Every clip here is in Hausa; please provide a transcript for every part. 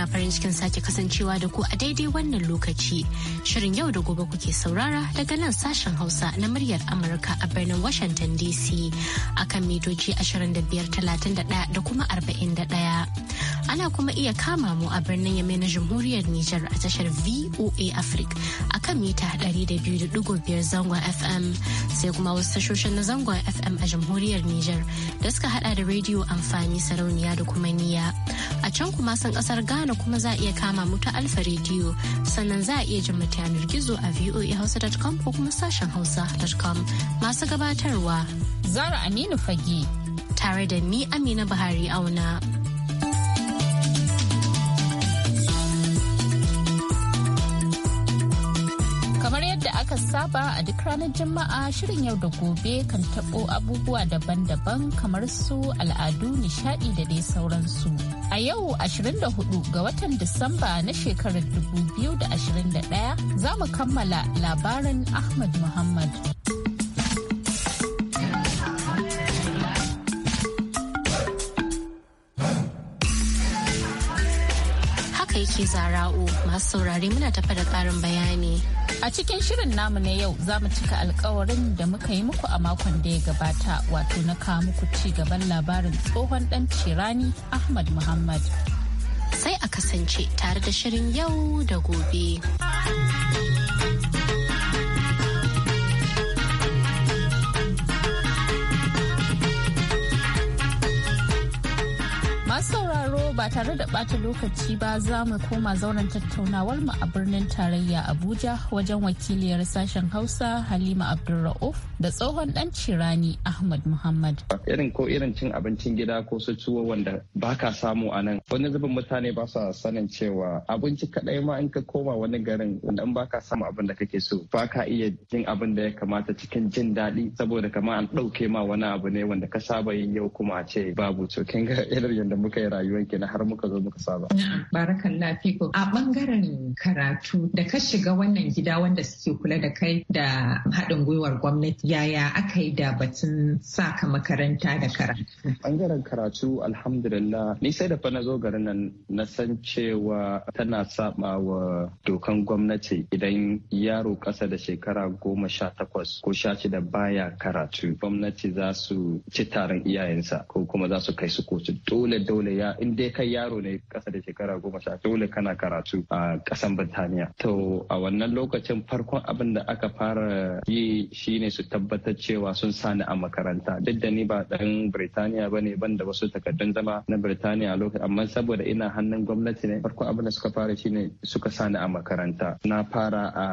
muna farin cikin sake kasancewa da ku a daidai wannan lokaci. Shirin yau da gobe kuke saurara daga nan sashen Hausa na muryar Amurka a birnin Washington DC akan mitoci 2531 da kuma 41. ana kuma iya kama mu a birnin Yamai na Jamhuriyar Nijar a tashar VOA Africa a kan mita 200.5 zangon FM sai kuma wasu tashoshin na zangon FM a Jamhuriyar Nijar da suka hada da rediyo amfani sarauniya da kuma niya. A can kuma san kasar Ghana kuma za a iya kama mu ta Alfa rediyo sannan za a iya jin yanar gizo a voahausa.com ko kuma sashen hausa.com masu gabatarwa. Zara Aminu Fage. Tare da ni Amina Buhari auna. aka saba a duk ranar jama'a shirin yau da gobe kan tabo abubuwa daban-daban kamar su al'adu, nishadi da dai sauransu. A yau 24 ga watan Disamba na shekarar 2021 za mu kammala labarin Ahmad Muhammad. Haka yake zara'u masu saurare muna tafa da ƙarin bayani. A cikin shirin namu na yau za mu cika alkawarin da muka yi muku a makon da ya gabata wato na kawo muku ci gaban labarin tsohon dan cirani Ahmad Muhammad. Sai a kasance tare da shirin yau da gobe. masu sauraro ba tare da bata lokaci ba za mu koma zauren tattaunawar mu a birnin tarayya Abuja wajen wakiliyar sashen Hausa Halima Abdulra'uf da tsohon dan cirani Ahmad Muhammad. Irin ko irin cin abincin gida ko su tuwo wanda ba ka samu a nan. Wani zubin mutane ba sa sanin cewa abinci kaɗai ma in ka koma wani garin wanda in ba ka samu abin da kake so ba ka iya jin abin da ya kamata cikin jin daɗi saboda kamar an ɗauke ma wani abu ne wanda ka saba yin yau kuma a ce babu to kin ga irin yadda muka yi rayuwa bangaren kenan har muka zo muka saba. Barakan lafiko a bangaren karatu da ka shiga wannan gida wanda suke kula da kai da haɗin gwiwar gwamnati yaya aka yi da batun sa ka makaranta da karatu. Bangaren karatu alhamdulillah ni sai da fa na zo garin nan na san cewa tana saba wa dokan gwamnati idan yaro ƙasa da shekara goma sha takwas ko sha shida baya karatu gwamnati za su ci taron iyayensa ko kuma za su kai su kotu dole dole in dai kai yaro ne kasa da shekara goma sha dole kana karatu a kasan Birtaniya. To a wannan lokacin farkon abin da aka fara yi shine su tabbatar cewa sun sani a makaranta duk da ni ba dan Birtaniya ba ne ban da wasu takardun zama na Birtaniya lokacin amma saboda ina hannun gwamnati ne farkon abin da suka fara shine suka sani a makaranta. Na fara a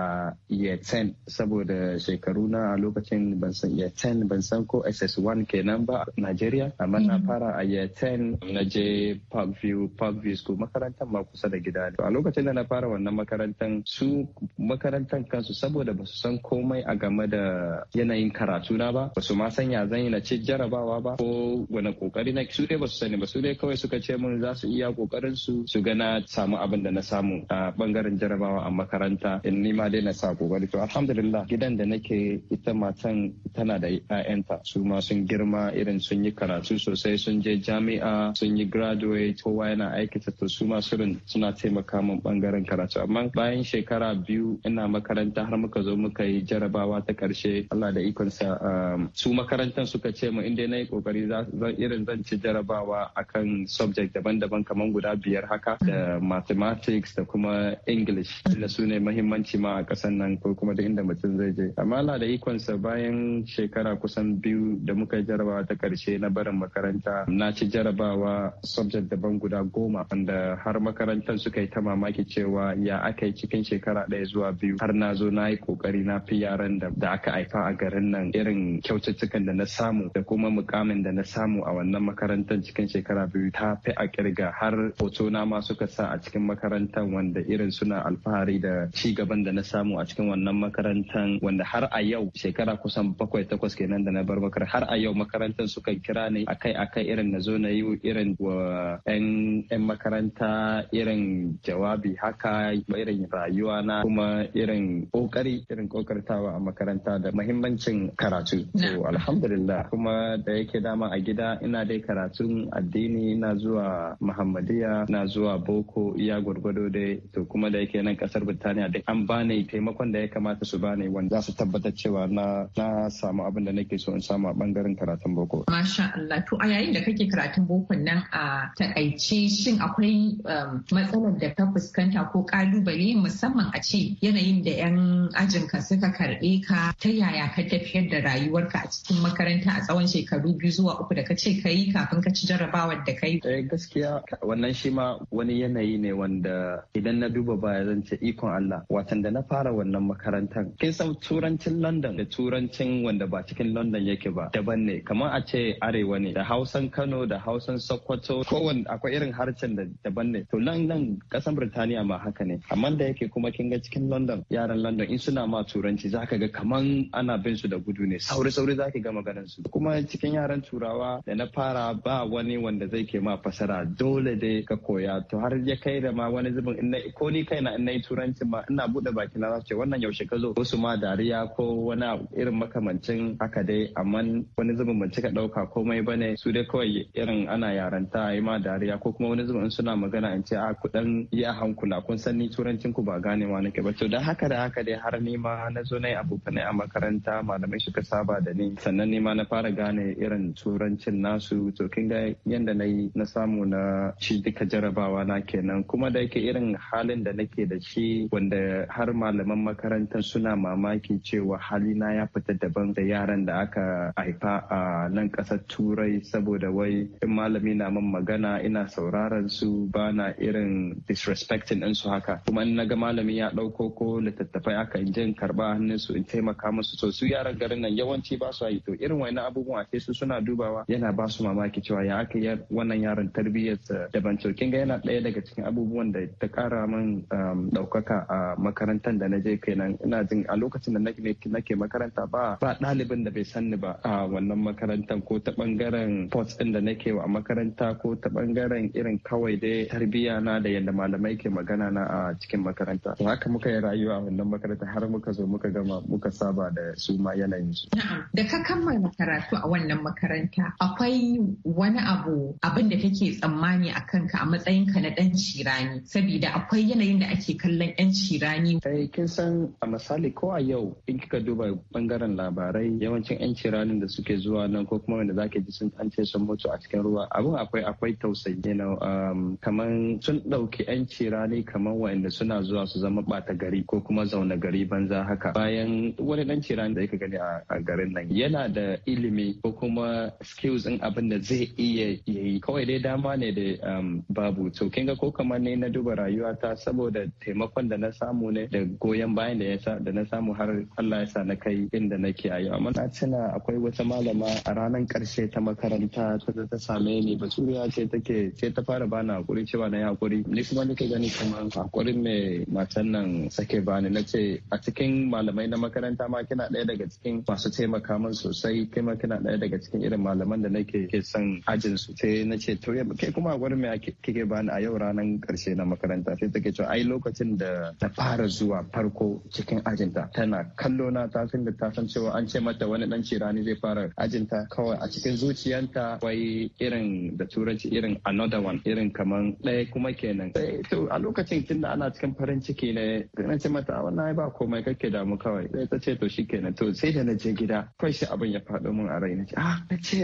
year ten saboda shekaru na a lokacin ban san year ten ban san ko SS1 kenan ba a Najeriya amma na mm-hmm. fara a year ten na je park view park view school makarantar ma kusa da gida a lokacin da na fara wannan makarantar su makarantar kansu saboda ba su san komai a game da yanayin karatu na ba ba su ma san ya zan yi na ce jarabawa ba ko wani kokari na su dai ba su sani ba su dai kawai suka ce mun za su iya kokarin su su ga na samu abin da na samu a bangaren jarabawa a makaranta in ni ma dai na sa kokari to alhamdulillah gidan da nake ita matan tana da ƴaƴanta su ma sun girma irin sun yi karatu sosai sun je jami'a sun yi graduate ya kowa yana aikata to su ma shirin suna taimaka min bangaren karatu amma bayan shekara biyu ina makaranta har muka zo muka yi jarabawa ta karshe Allah da ikonsa um, su makarantar suka ce mu inda na yi kokari zan irin zan ci jarabawa akan subject daban-daban kamar guda biyar haka da mathematics da kuma english da su ne mahimmanci ma a kasan nan ko kuma da inda mutum zai je amma Allah da ikonsa bayan shekara kusan biyu da muka yi jarabawa ta karshe na barin makaranta na ci jarabawa subject project daban guda goma wanda har makarantar suka yi ta mamaki cewa ya aka yi cikin shekara ɗaya zuwa biyu har na zo na yi kokari na fi yaran da aka haifa a garin nan irin kyaututtukan da na samu da kuma mukamin da na samu a wannan makarantar cikin shekara biyu ta fi a kirga har hoto na ma suka sa a cikin makarantar wanda irin suna alfahari da ci gaban da na samu a cikin wannan makarantar wanda har a yau shekara kusan bakwai takwas kenan da na bar makarantar har a yau makarantar suka kira ni akai akai irin na zo na yi irin wa 'yan 'yan makaranta irin jawabi haka irin rayuwa na kuma irin kokari irin kokartawa a makaranta da mahimmancin karatu So alhamdulillah kuma da yake dama a gida ina dai karatun addini ina zuwa Muhammadiyya, na zuwa boko iya gwargwado dai to kuma da yake nan kasar birtaniya da an bani taimakon da ya kamata su bani wanda za su tabbatar cewa na na samu abin da nake so in samu a bangaren karatun boko masha Allah to a yayin da kake karatun bokon nan a takaice shin akwai um, matsalar da ta fuskanta ko kalubale musamman a ce yanayin da 'yan ajinka suka karɓe ka ta yaya ka tafiyar da rayuwarka a cikin makaranta a tsawon shekaru biyu zuwa uku da ka ce ka yi kafin ka ci jarrabawar da ka yi. Eh, gaskiya wannan shi ma wani yanayi ne wanda idan na duba baya zan ce ikon Allah watan da na fara wannan makarantar kin san turancin London da turancin wanda ba cikin London yake ba daban ne kamar a ce arewa ne da Hausan Kano da Hausan Sokoto ko kowane akwai irin harshen da daban ne to nan nan kasan birtaniya ma haka ne amma da yake kuma kin ga cikin london yaran london in suna ma turanci zaka ga kaman ana bin su da gudu ne sauri sauri zaki ga maganar su kuma cikin yaran turawa da na fara ba wani wanda zai ke ma fasara dole dai ka koya to har ya kai da ma wani zubin in na ko ni kaina in na yi turanci ma ina bude baki na ce wannan yaushe ka zo wasu ma dariya ko wani irin makamancin haka dai amma wani zubin ban cika dauka komai bane su dai kawai irin ana yaranta ma dariya ko kuma wani zuba in suna magana in ce a ah, kudan yi a hankula kun san ni turancin ku ba gane ma nake ba to da haka da haka dai har ni ma na zo na yi abokanai a makaranta malamai suka saba da ni sannan ni ma na fara gane irin turancin nasu to kin ga yanda na yi na samu na shi duka jarabawa na kenan kuma da yake irin halin da nake da shi wanda har malaman makarantar suna mamaki cewa hali na ya fita daban da yaran da aka haifa a nan ƙasar turai saboda wai in malami na min magana zauna ina sauraron su ba na irin disrespecting ɗinsu haka kuma in na ga malami ya ɗauko ko littattafai aka in jin karɓa karba hannun su in taimaka musu to su yaran garin nan yawanci ba su yi to irin wani abubuwa sai su suna dubawa yana ba su mamaki cewa ya aka yi wannan yaran tarbiyyar daban to kin ga yana ɗaya daga cikin abubuwan da ta ƙara min um, ɗaukaka a makarantar da na je kenan ina jin a lokacin da nake makaranta ba ba ɗalibin da bai sanni ba a wannan makarantar ko ta ɓangaren pot ɗin da nake wa makaranta ko ta ta bangaren irin kawai dai tarbiyya na da yadda malamai ke magana na a cikin makaranta to haka muka yi rayuwa a wannan makaranta har muka zo muka gama muka saba da su ma yanayin su da ka kammala karatu a wannan makaranta akwai wani abu abin da kake tsammani a kanka a matsayin ka na dan cirani saboda akwai yanayin da ake kallon yan cirani eh kin san a misali ko a yau in kika duba bangaren labarai yawancin yan ciranin da suke zuwa nan ko kuma wanda zaka ji sun an ce sun mutu a cikin ruwa abin akwai akwai tausayi um, kaman sun ɗauki 'yanci rani kaman waɗanda suna zuwa su zama ɓata gari ko kuma zaune gari banza haka bayan wani ɗan rani da yake gani a garin nan yana da ilimi ko kuma skills ɗin abin da zai iya yi. kawai dai dama ne da um, babu to kin ga ko kamar ne na duba rayuwa ta saboda taimakon da na samu ne da goyon bayan da ya sa da na samu har Allah ya sa na kai inda nake a yau amma na akwai wata malama a ranar karshe ta makaranta ta same ni baturiya ce sai take ce ta fara bani hakuri cewa na yi hakuri ni kuma nake gani kamar hakurin mai matan nan sake bani na ce a cikin malamai na makaranta ma kina ɗaya daga cikin masu taimaka min sosai kai ma kina ɗaya daga cikin irin malaman da nake ke son ajin su sai na ce to kai kuma hakurin mai kike bani a yau ranar karshe na makaranta sai take cewa ai lokacin da ta fara zuwa farko cikin ajinta tana kallo na ta san da ta san cewa an ce mata wani dan cirani zai fara ajin ta kawai a cikin zuciyanta wai irin da turanci irin another one irin kaman ɗaya kuma kenan eh, to a lokacin tunda ana cikin farin ciki ne na ce mata wannan ba komai kake damu kawai sai ta ce to shikenan to sai da na je gida kawai shi abin ya faɗo min a rai na ce ah na ce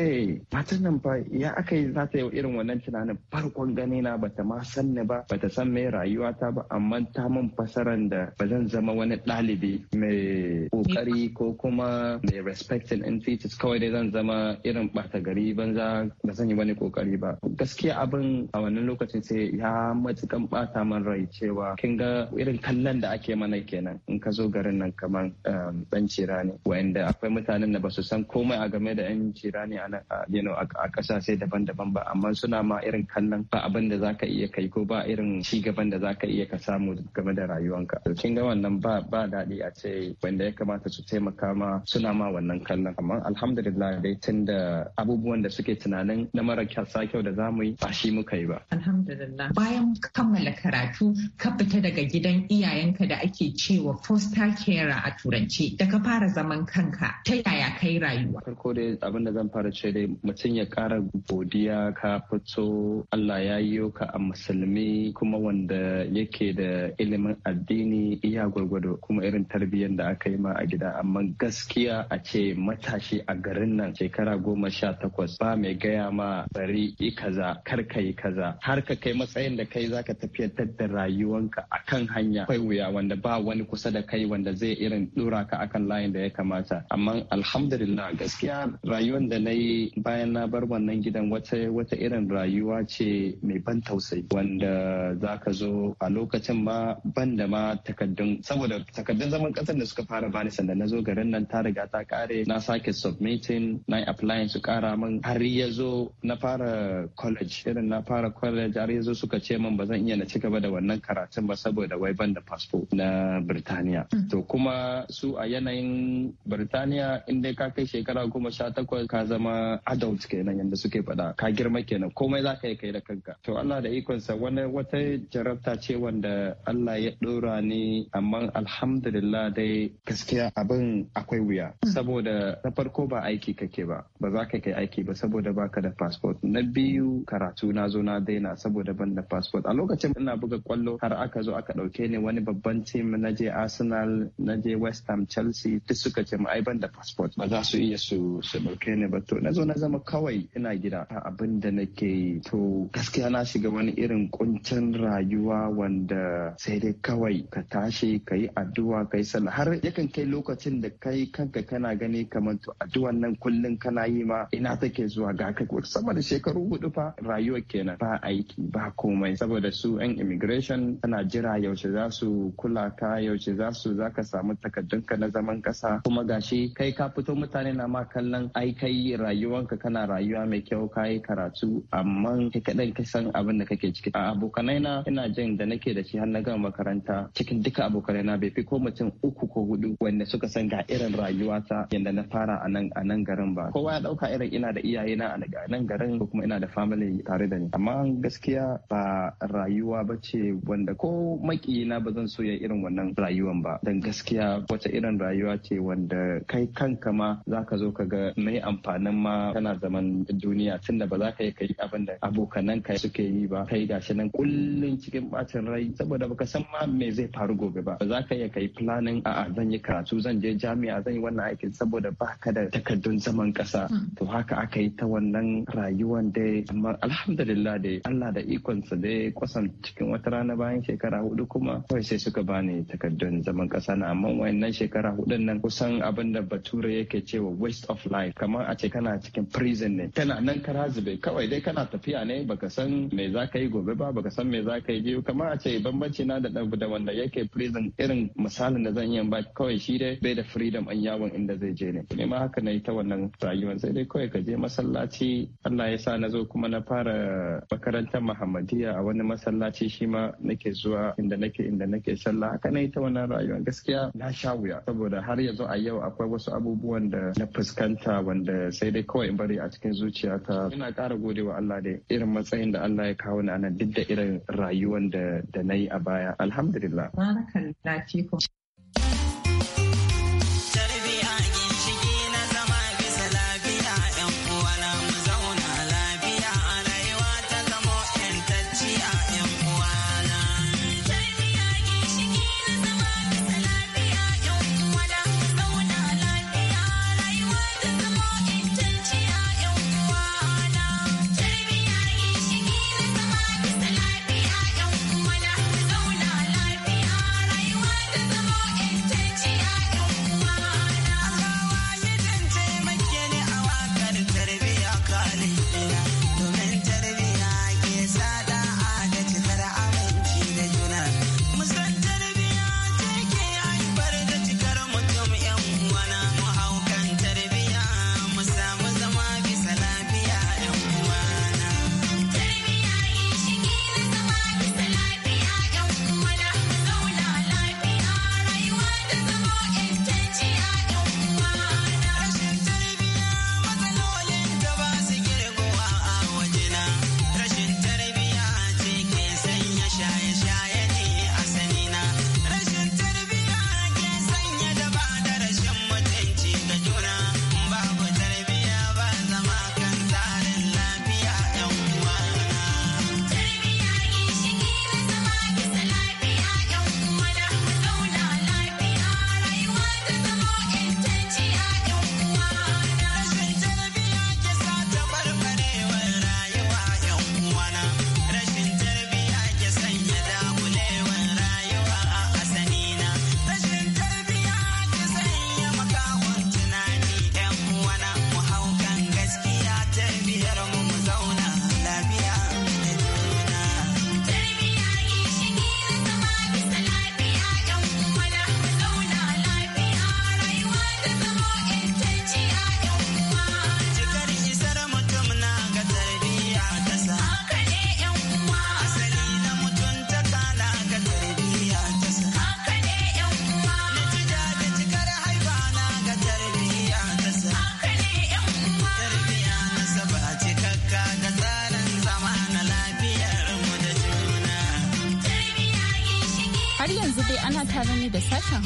matan nan fa ya aka yi za ta yi irin wannan tunanin farkon gani na ta ma san ni ba Ba ta san me rayuwa ta ba amma ta min fasaran da ba zan zama wani ɗalibi mai kokari ko kuma mai respecting in teachers kawai dai zan zama irin ɓata gari banza ba zan yi wani kokari ba gaskiya abin a wannan lokacin sai ya matukan bata man rai cewa kin ga irin kallon da ake mana kenan in ka zo garin nan kamar dan um, cira ne wanda akwai mutanen da ba su san komai a game da yan cira ne a nan a kasashe daban-daban ba amma suna ma irin kallon ba abin da zaka iya kai ko ba irin ci gaban da zaka iya ka samu game da rayuwanka to kin ga wannan ba ba daɗi a ce wanda ya kamata su taimaka ma suna ma wannan kallon amma alhamdulillah dai tun da abubuwan da suke tunanin na mara kyau da za mu yi ba shi muka yi ba. Alhamdulillah bayan kammala karatu ka fita daga gidan iyayenka da ake cewa foster care a turance da ka fara zaman kanka ta yaya kai rayuwa. Farko dai abin da zan fara ce dai mutum ya kara godiya ka fito Allah ya yi ka a musulmi kuma wanda yake da ilimin addini iya gwargwado kuma irin tarbiyyar da aka yi ma a gida amma gaskiya a ce matashi a garin nan shekara goma sha takwas ba mai gaya ma bari ikaza kaza kar ka yi kaza har ka kai matsayin da kai zaka tafiyatar da rayuwanka a kan hanya kai wuya wanda ba wani kusa da kai wanda zai irin dora ka akan layin da ya kamata amma alhamdulillah gaskiya rayuwar da na yi bayan na bar wannan gidan wata wata irin rayuwa ce mai ban tausayi wanda zaka zo a lokacin ma ban da ma takaddun saboda takaddun zaman kasar da suka fara bani sanda na zo garin nan ta riga ta kare na sake submitting na applying su kara min har ya zo na fara college irin na fara college har yanzu suka ce min ba zan iya na ci gaba da wannan karatun ba saboda wai ban da fasfo na Birtaniya. Mm. To kuma su a yanayin Birtaniya in dai ka kai shekara goma sha takwas ka zama adult kenan yadda suke faɗa ka girma kenan komai za ka yi kai da kanka. To Allah da ikonsa wani wata jarabta ce wanda Allah ya ɗora ni amma alhamdulillah dai gaskiya abin akwai wuya mm. saboda na farko ba aiki kake ba ba za ka kai aiki ba saboda baka da passport na biyu karatu na zo na daina saboda ban da passport a lokacin ina buga kwallo har aka zo aka dauke ni wani babban team na je Arsenal na je West Ham Chelsea duk suka ce ai ban da passport ba za su iya su su dauke ni ba to na zo na zama kawai ina gida abin da nake to gaskiya na shiga wani irin kuncin rayuwa wanda sai dai kawai ka tashi ka yi addu'a ka yi sallah har yakan kai lokacin da kai kanka kana gani kamar to addu'an nan kullum kana yi ma ina take zuwa ga ka sama da shekaru hudu fa fa rayuwar kenan ba aiki ba komai saboda su 'yan immigration tana jira yaushe za su kula ka yaushe za su za ka samu takardunka na zaman kasa kuma gashi kai ka fito mutane na ma kallon ai kai rayuwanka kana rayuwa mai kyau ka yi karatu amma kai kaɗan ka san abin da kake ciki a abokanai na ina jin da nake da shi har na gama makaranta cikin duka abokanai na bai fi ko mutum uku ko hudu wanda suka san ga irin rayuwa ta yadda na fara a nan garin ba kowa ya ɗauka irin ina da iyayena a nan garin ko kuma ina da family mu'amala tare da ni amma gaskiya ba rayuwa ba ce wanda ko makiyina ba zan so ya irin wannan rayuwan ba dan gaskiya wata irin rayuwa ce wanda kai kanka ma za ka zo ka ga mai amfanin ma kana zaman duniya tunda ba za ka yi ka yi abin da abokanan ka suke yi ba kai gashi nan kullun cikin bacin rai saboda baka san ma me zai faru gobe ba ba za ka yi ka yi planning a'a zan yi karatu zan je jami'a zan yi wannan aikin saboda baka da takardun zaman kasa hmm. to haka aka yi ta wannan rayuwan dai amma alhamdulillah dai Allah da ikon sa dai kwasan cikin wata rana bayan shekara hudu kuma kawai sai suka bani takardun zaman kasa na amma wayannan shekara hudun nan kusan abin da bature yake cewa waste of life kamar a ce kana cikin prison ne kana nan kara zube kawai dai kana tafiya ne baka san me za ka yi gobe ba baka san me za ka yi biyu kamar a ce bambanci na da da wanda yake prison irin misalin da zan yi ba kawai shi dai bai da freedom an yawon inda zai je ne ne ma haka na yi ta wannan rayuwar sai dai kawai ka je masallaci Allah ya sa na zo kuma na fara makarantar Muhammadiyya a wani masallaci shi ma nake zuwa inda nake inda nake sallah haka na ta wannan rayuwa gaskiya na sha wuya saboda har yanzu a yau akwai wasu abubuwan da na fuskanta wanda sai dai kawai in bari a cikin zuciyata ina ƙara godewa Allah da irin matsayin da Allah ya kawo ni a nan duk da irin rayuwan da na yi a baya alhamdulillah. Barakallah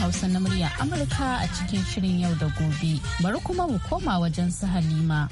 Hausa na murya Amurka a cikin shirin yau da gobe. Bari kuma mu koma wajen su Halima.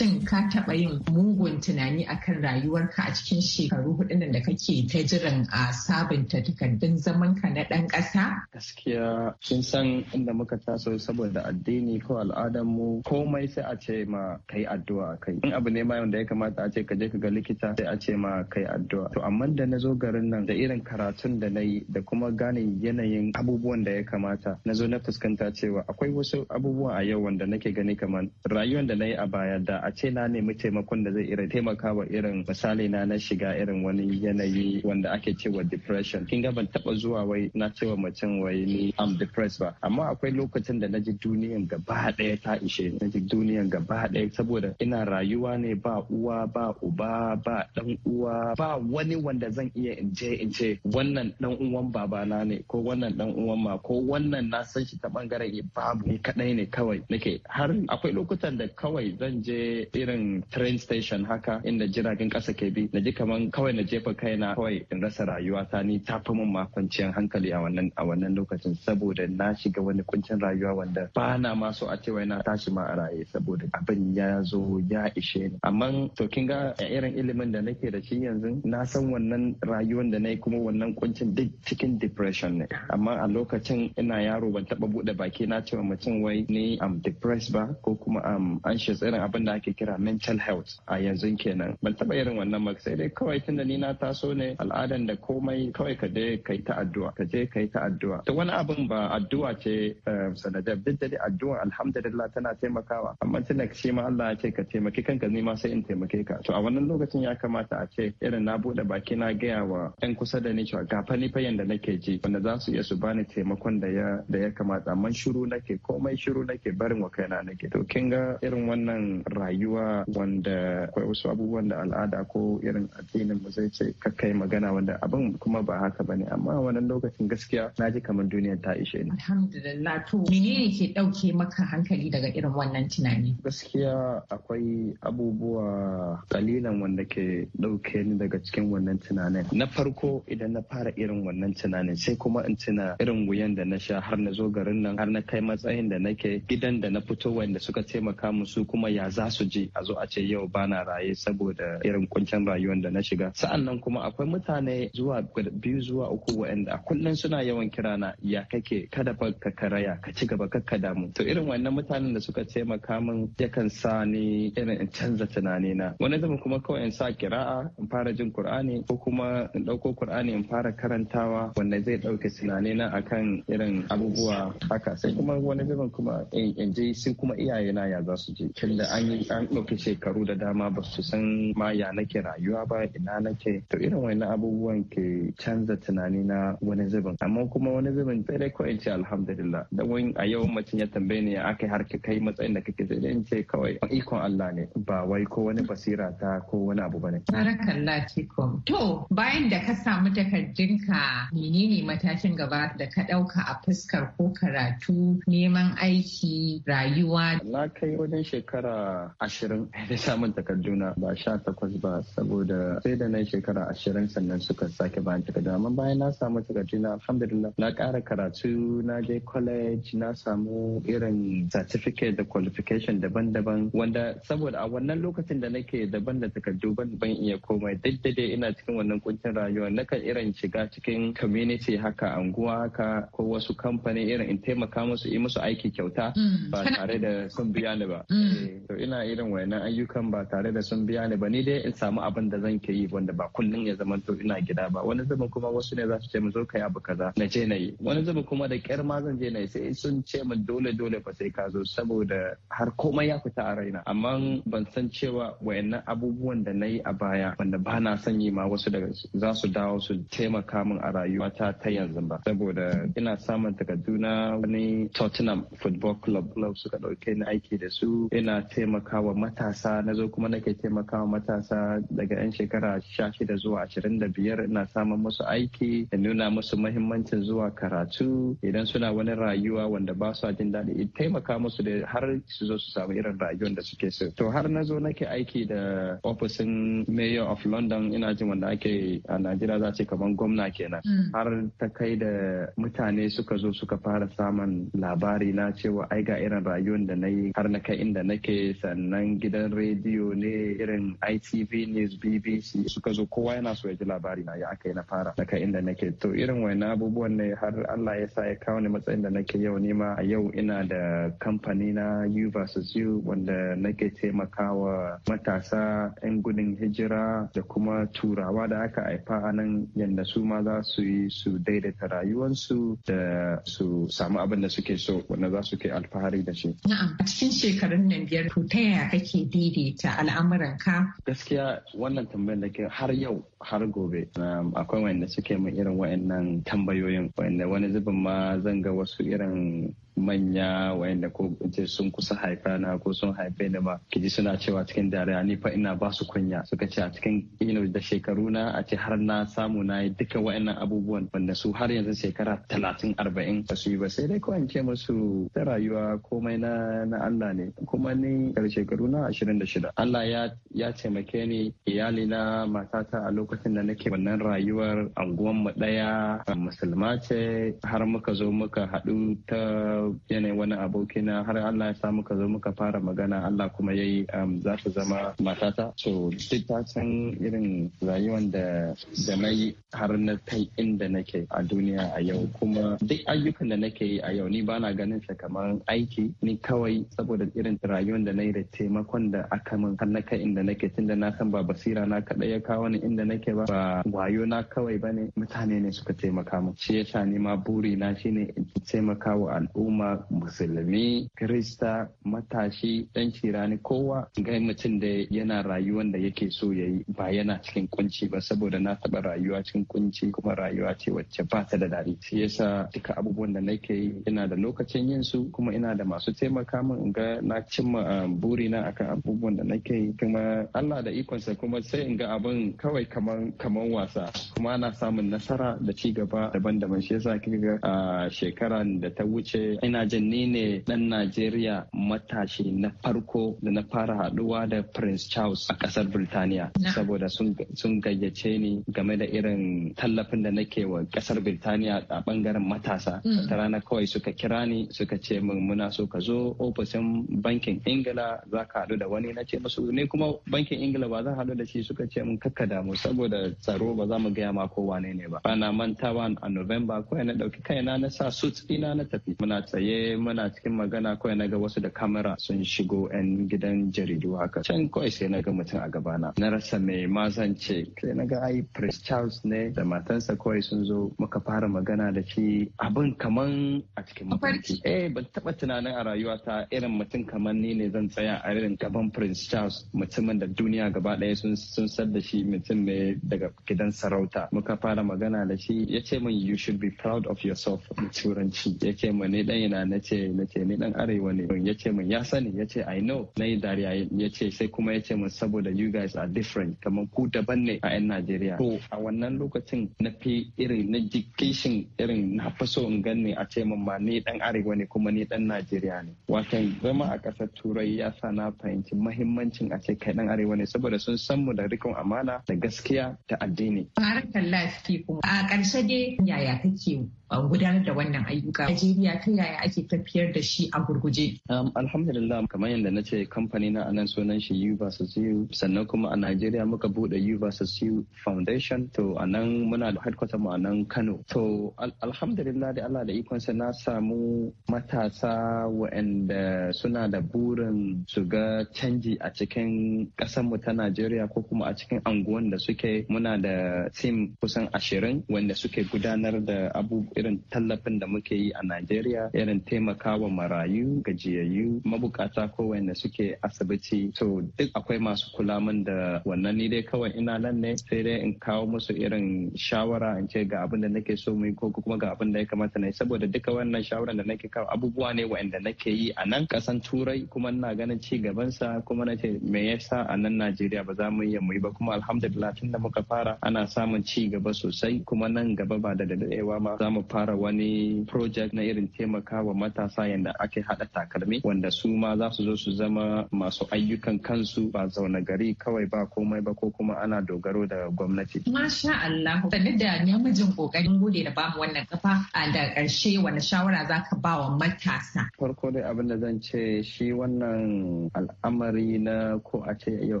shin ka taɓa yin mugun tunani akan rayuwarka a cikin shekaru hudun da kake ta jiran a sabunta takardun zaman ka na ɗan ƙasa? Gaskiya kin san inda muka taso saboda addini ko al'adar mu komai sai a ce ma kai addu'a kai. In abu ne ma wanda ya kamata a ce ka je ka ga likita sai a ce ma kai addu'a. To amma da na zo garin nan da irin karatun da na yi da kuma gane yanayin abubuwan da ya kamata na zo na fuskanta cewa akwai wasu abubuwa a yau wanda nake gani kamar rayuwar da na yi a baya da a a na nemi taimakon da zai irin taimaka wa irin misali na na shiga irin wani yanayi wanda ake cewa depression kin ga ban taba zuwa wai na cewa mutum wai ni am depressed ba amma akwai lokacin da naji duniyan gaba daya ta ishe ni naji duniyan gaba daya saboda ina rayuwa ne ba uwa ba uba ba dan uwa ba wani wanda zan iya in je in ce wannan dan uwan babana ne ko wannan dan uwan ma ko wannan na san shi ta bangaren eh, babu ni kadai ne kawai nake har akwai lokutan da kawai zan je irin train station haka inda jiragen kasa ke bi na ji kaman kawai na jefa kaina kawai in rasa rayuwa ta ni ta fi min ma kwanciyar hankali a wannan a wannan lokacin saboda na shiga wani kuncin rayuwa wanda ba na ma so a cewa na tashi ma a raye saboda abin ya zo ya ishe ni amma to kin ga irin ilimin da nake da shi yanzu na san wannan rayuwar da nayi kuma wannan kuncin duk cikin depression ne amma a lokacin ina yaro ban taba bude baki na cewa mutum wai ni am depressed ba ko kuma am anxious irin abin da ake kira mental health a yanzu kenan ban taba irin wannan ba sai dai kawai da ni na taso ne al'adan da komai kawai ka je kai ta addu'a ka je kai ta addu'a to wani abin ba addu'a ce eh, sanadar duk da addu'a alhamdulillah tana taimakawa amma tunda shi ma Allah ya ce ka taimaki kanka ni ma sai in taimake ka to a wannan lokacin ya kamata a ce irin na bude baki na gaya wa yan kusa da ni cewa ga fani fa yanda nake ji wanda za su iya su bani taimakon da ya da ya kamata amma shiru nake komai shiru nake barin wa kaina nake to kin ga irin wannan rayuwa rayuwa wanda akwai wasu abubuwan da al'ada ko irin addinin mu zai ce kai magana wanda abin kuma ba haka bane amma wannan lokacin gaskiya na ji kamar duniyar ta ishe ni alhamdulillah to menene ke dauke maka hankali daga irin wannan tunani gaskiya akwai abubuwa kalilan wanda ke dauke ni daga cikin wannan tunanin na farko idan na fara irin wannan tunanin sai kuma in tuna irin wuyan da na sha har na zo garin nan har na kai matsayin da nake gidan da na fito wanda suka taimaka musu kuma ya za su su ji a zo a ce yau bana raye saboda irin kuncin rayuwar da na shiga sa'annan kuma akwai mutane zuwa biyu zuwa uku wa'anda kullum suna yawan kirana ya kake kada fa ka karaya ka ci gaba ka damu to irin wannan mutanen da suka taimaka min yakan sa ni irin in canza tunanina wani zaman kuma kawai in sa kira'a in fara jin qur'ani ko kuma in dauko qur'ani in fara karantawa wanda zai dauke tunanina akan irin abubuwa haka sai kuma wani zaman kuma in ji sai kuma iyayena ya za su je tunda an yi an ɗauki shekaru da dama ba su san ma ya nake rayuwa ba ina nake to irin wani abubuwan ke canza tunani na wani zubin amma kuma wani zubin sai dai ko ce alhamdulillah da wani a yau mutum ya tambaye ni aka har ka kai matsayin da kake sai in ce kawai ikon Allah ne ba wai ko wani basira ta ko wani abu bane barakallah cikom to bayan da ka samu takardunka menene matashin gaba da ka ɗauka a fuskar ko karatu neman aiki rayuwa na kai wajen shekara ashirin da samun takarduna ba sha takwas ba saboda sai da na shekara ashirin sannan suka sake bayan takardu amma bayan na samu takarduna alhamdulillah na ƙara karatu na je college na samu irin certificate da qualification daban-daban wanda saboda a wannan lokacin da nake daban da takardu ban ban iya komai duk da dai ina cikin wannan kuncin rayuwa nakan irin shiga cikin community haka anguwa haka ko wasu kamfani irin in taimaka musu yi musu aiki kyauta mm. ba tare da sun biya ni ba. Mm. Eh, irin wayannan ayyukan ba tare da sun biya ni ba ni dai in samu abin da zan ke yi wanda ba kullum ya zama to ina gida ba wani zaman kuma wasu ne za su ce mu zo ka yi abu kaza na je na yi wani zaman kuma da kyar ma zan je na yi sai sun ce min dole dole ba sai ka zo saboda har komai ya fita a raina amma ban san cewa wayannan abubuwan da na yi a baya wanda ba na son yi ma wasu daga za su dawo su taimaka min a rayuwata ta yanzu ba saboda ina samun takarduna wani Tottenham Football Club Club suka ɗauke ni aiki da su ina taimaka wa matasa na zo kuma nake taimakawa matasa daga 'yan shekara 16 zuwa da biyar ina samun musu aiki da nuna musu mahimmancin zuwa karatu idan suna wani rayuwa wanda ba su jin daɗi in taimaka musu da har su zo su samu irin rayuwar da suke so to har na zo nake aiki da ofisin mayor of london ina jin wanda ake a najeriya za ce kamar gwamna kenan hmm. har ta kai da mutane suka zo suka fara samun labari na cewa ai ga irin rayuwar da na yi har na kai inda nake sannan Nan gidan rediyo ne irin ITV News BBC suka zo kowa yana so ya ji labari na ya aka yi na fara daga inda nake to irin wani abubuwan ne har Allah ya sa ya kawo ni matsayin da nake yau ni ma yau ina da kamfani na U versus U wanda nake taimakawa matasa 'yan gudun hijira da kuma turawa da aka haifa a nan yadda su ma za su yi su daidaita rayuwarsu da su samu abin da suke so wanda za su ke alfahari da shi. Na'am cikin shekarun nan biyar to yaya kake daidaita al'amuranka? Gaskiya wannan tambayar da ke har yau har gobe um, akwai wanda suke min irin wayannan tambayoyin wanda wani zubin ma zan ga wasu irin manya wayanda ko ce sun kusa haifa na ko sun haife ni ba? kiji suna cewa cikin dariya ni fa ina ba su kunya suka ce a cikin ino da shekaru na a ce har na samu na yi duka wayannan abubuwan wanda su har yanzu shekara talatin arba'in ba su yi ba sai dai ko in ce musu ta rayuwa komai na na Allah ne kuma ni kar shekaru na ashirin da shida Allah ya ya taimake ni iyali na matata a lokacin da nake wannan rayuwar anguwan mu ɗaya. musulma ce har muka zo muka haɗu ta yana yanayin wani abokina har Allah ya samu ka zo muka fara magana Allah kuma ya yi um, za ta zama matata. So duk ta san irin rayuwar da da na yi har na kai inda nake a duniya a yau kuma duk ayyukan da nake yi a yau ni bana ganin sa kamar aiki ni kawai saboda irin rayuwar da na yi da taimakon da aka min har na kai inda nake tunda na san ba basira na kaɗai ya kawo ni inda nake ba ba wayo na kawai bane mutane ne suka taimaka min shi yasa ni ma buri na shine in taimaka wa al'umma al'umma musulmi kirista matashi dan ni kowa ga mutum da yana rayuwan da yake so ya yi ba yana cikin kunci ba saboda na taba rayuwa cikin kunci kuma rayuwa ce wacce ba ta da daɗi shi yasa duka abubuwan da nake yi ina da lokacin yin su kuma ina da masu taimaka min in ga na cimma ah, burina akan abubuwan da nake yi kuma Allah da ikonsa kuma sai in ga abin kawai kaman kamar wasa kuma ana samun nasara da ci gaba daban-daban shi yasa kika ga ah, shekaran da ta wuce ina jin ni ne dan Najeriya matashi na farko da na fara haduwa da Prince Charles a kasar Birtaniya saboda sun gayyace ni game da irin tallafin da nake wa kasar Birtaniya a bangaren matasa. Mm. Ta rana kawai suka kira ni suka ce min muna so ka zo ofisin bankin Ingila za ka haɗu da wani na ce musu ne kuma bankin Ingila ba za haɗu da shi suka ce min kakka damu saboda tsaro ba za mu gaya ma ko wane ne ba. Bana mantawa a November kawai na ɗauki kaina na sa suit ina na tafi. Muna tsaye muna cikin magana kawai na ga wasu da kamera sun shigo 'yan gidan jaridu haka can kawai sai na ga mutum a gabana na rasa mai ma zan ce sai na ga ai prince charles ne da matansa kawai sun zo muka fara magana da shi abin kaman a cikin mafarki eh ban taba tunanin a rayuwata irin mutum kaman ni ne zan tsaya a irin gaban prince charles mutumin da duniya gaba ɗaya sun sun da shi mutum ne daga gidan sarauta muka fara magana da shi ya ce min you should be proud of yourself turanci ya ce ma ne dan bayyana na ce na ce ni dan arewa ne ya ce min ya sani ya ce i know na yi dariya ya ce sai kuma ya ce min saboda you guys are different kamar ku daban ne a yan najeriya to a wannan lokacin na fi irin na jikishin irin na fi so in ganni a ce min ma ni dan arewa ne kuma ni dan najeriya ne watan zama a ƙasar turai ya sa na fahimci mahimmancin a ce kai dan arewa ne saboda sun san mu da rikon amana da gaskiya da addini harkar lafiya kuma a ƙarshe dai yaya kake gudanar da wannan ayyuka Najeriya ta yaya yaya ake tafiyar da shi a gurguje? Um, alhamdulillah kamar yadda na ce kamfani na anan sunan shi U versus U sannan kuma a Najeriya muka bude U versus U Foundation to a nan muna da headquarter mu a nan Kano. To alhamdulillah da Allah da ikon sa na samu matasa waɗanda suna da burin su ga canji a cikin ƙasar mu ta Najeriya ko kuma a cikin anguwan da suke muna da team kusan ashirin wanda suke gudanar da abu irin tallafin da muke yi a Najeriya irin taimakawa marayu gajiyayyu mabukata ko wanda suke asibiti to duk akwai masu kula min da wannan ni dai kawai ina nan ne sai dai in kawo musu irin shawara in ce ga abin da nake so mu yi ko kuma ga abin da ya kamata na yi saboda duka wannan shawaran da nake kawo abubuwa ne wa'anda nake yi a nan kasan turai kuma ina ganin ci gaban sa kuma nace me yasa a nan Najeriya ba za mu iya mu yi ba kuma alhamdulillah tun da muka fara ana samun ci gaba sosai kuma nan gaba ba da daɗewa ma za mu fara wani project na irin taimaka taimaka wa matasa yadda ake haɗa takalmi wanda su ma za su zo su zama masu ayyukan kansu ba zaune gari kawai ba komai ba ko kuma ana dogaro da gwamnati. Masha Allah, da namijin kokarin gode da babu wannan kafa a da ƙarshe wani shawara za ka ba wa matasa. Farko dai abin da zan ce shi wannan al'amari na ko a ce yau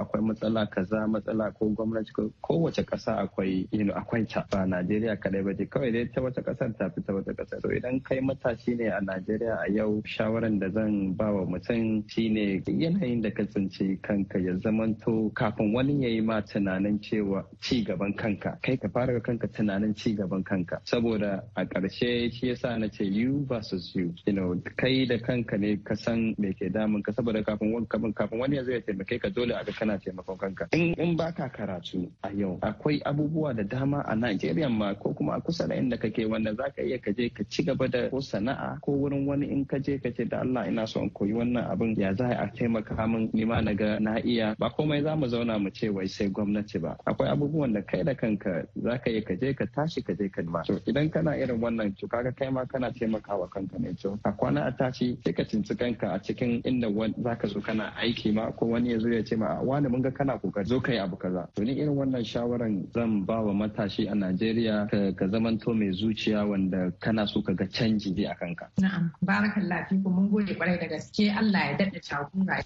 akwai matsala kaza matsala ko gwamnati ko kowace ƙasa akwai akwai ta ba Najeriya kadai ba kawai dai ta wata ƙasar ta fi ta wata ƙasar. To idan kai matashi ne ne a Najeriya a yau shawaran da zan ba wa mutum shine yanayin da ka tsinci kanka ya zamanto kafin wani ya yi ma tunanin cewa ci gaban kanka kai ka fara kanka tunanin ci gaban kanka saboda a ƙarshe shi yasa na ce you versus you you know kai da kanka ne ka san me ke damun ka saboda kafin wani kafin wani ya zo ya taimake ka dole a ga kana taimakon kanka in in baka karatu a yau akwai abubuwa da dama a Najeriya ma ko kuma a kusa da inda kake wanda zaka iya ka je ka ci gaba da ko sana'a ko wurin wani in ka je ka ce da Allah ina so in koyi wannan abin ya za a taimaka min nima na ga na iya ba komai za mu zauna mu ce wai sai gwamnati ba akwai abubuwan da kai da kanka za ka yi ka je ka tashi ka je ka ba to idan kana irin wannan to kaga kai ma kana taimakawa kanka ne to a kwana a tashi sai ka cinci kanka a cikin inda za ka zo kana aiki ma ko wani ya zo ya ce ma wani mun ga kana kokari zo kai abu kaza to ni irin wannan shawaran zan ba wa matashi a Najeriya ka zamanto mai zuciya wanda kana so ka ga canji a kanka Na'am, barakan lafi mun gode kwarai da gaske Allah ya daɗa jagora.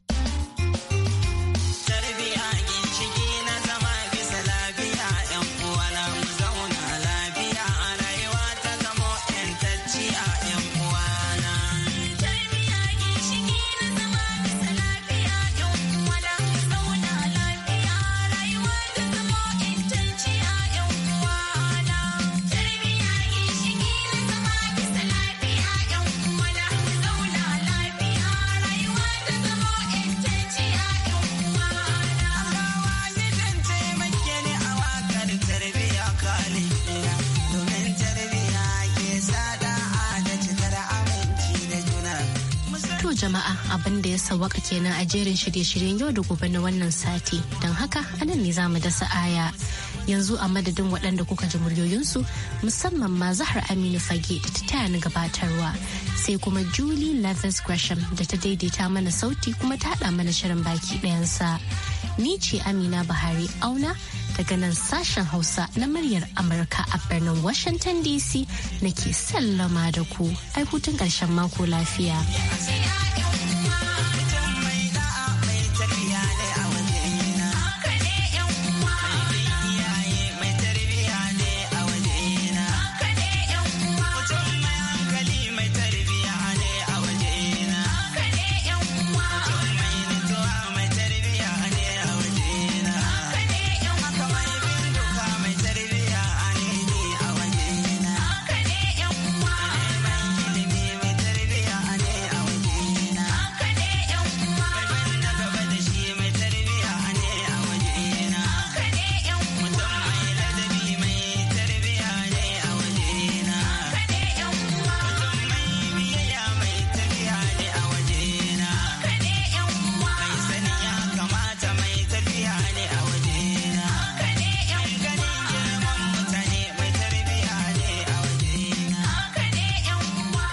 abin da ya sauwaka kenan a jerin shirye-shiryen yau da gobe na wannan sati don haka anan ne za mu dasa aya yanzu a madadin waɗanda kuka ji muryoyinsu musamman ma zahar aminu fage da ta taya ni gabatarwa sai kuma julie lathers gresham da ta daidaita mana sauti kuma ta haɗa mana shirin baki ɗayansa ni ce amina buhari auna daga nan sashen hausa na muryar amurka a birnin washington dc na ke sallama da ku ai hutun ƙarshen mako lafiya.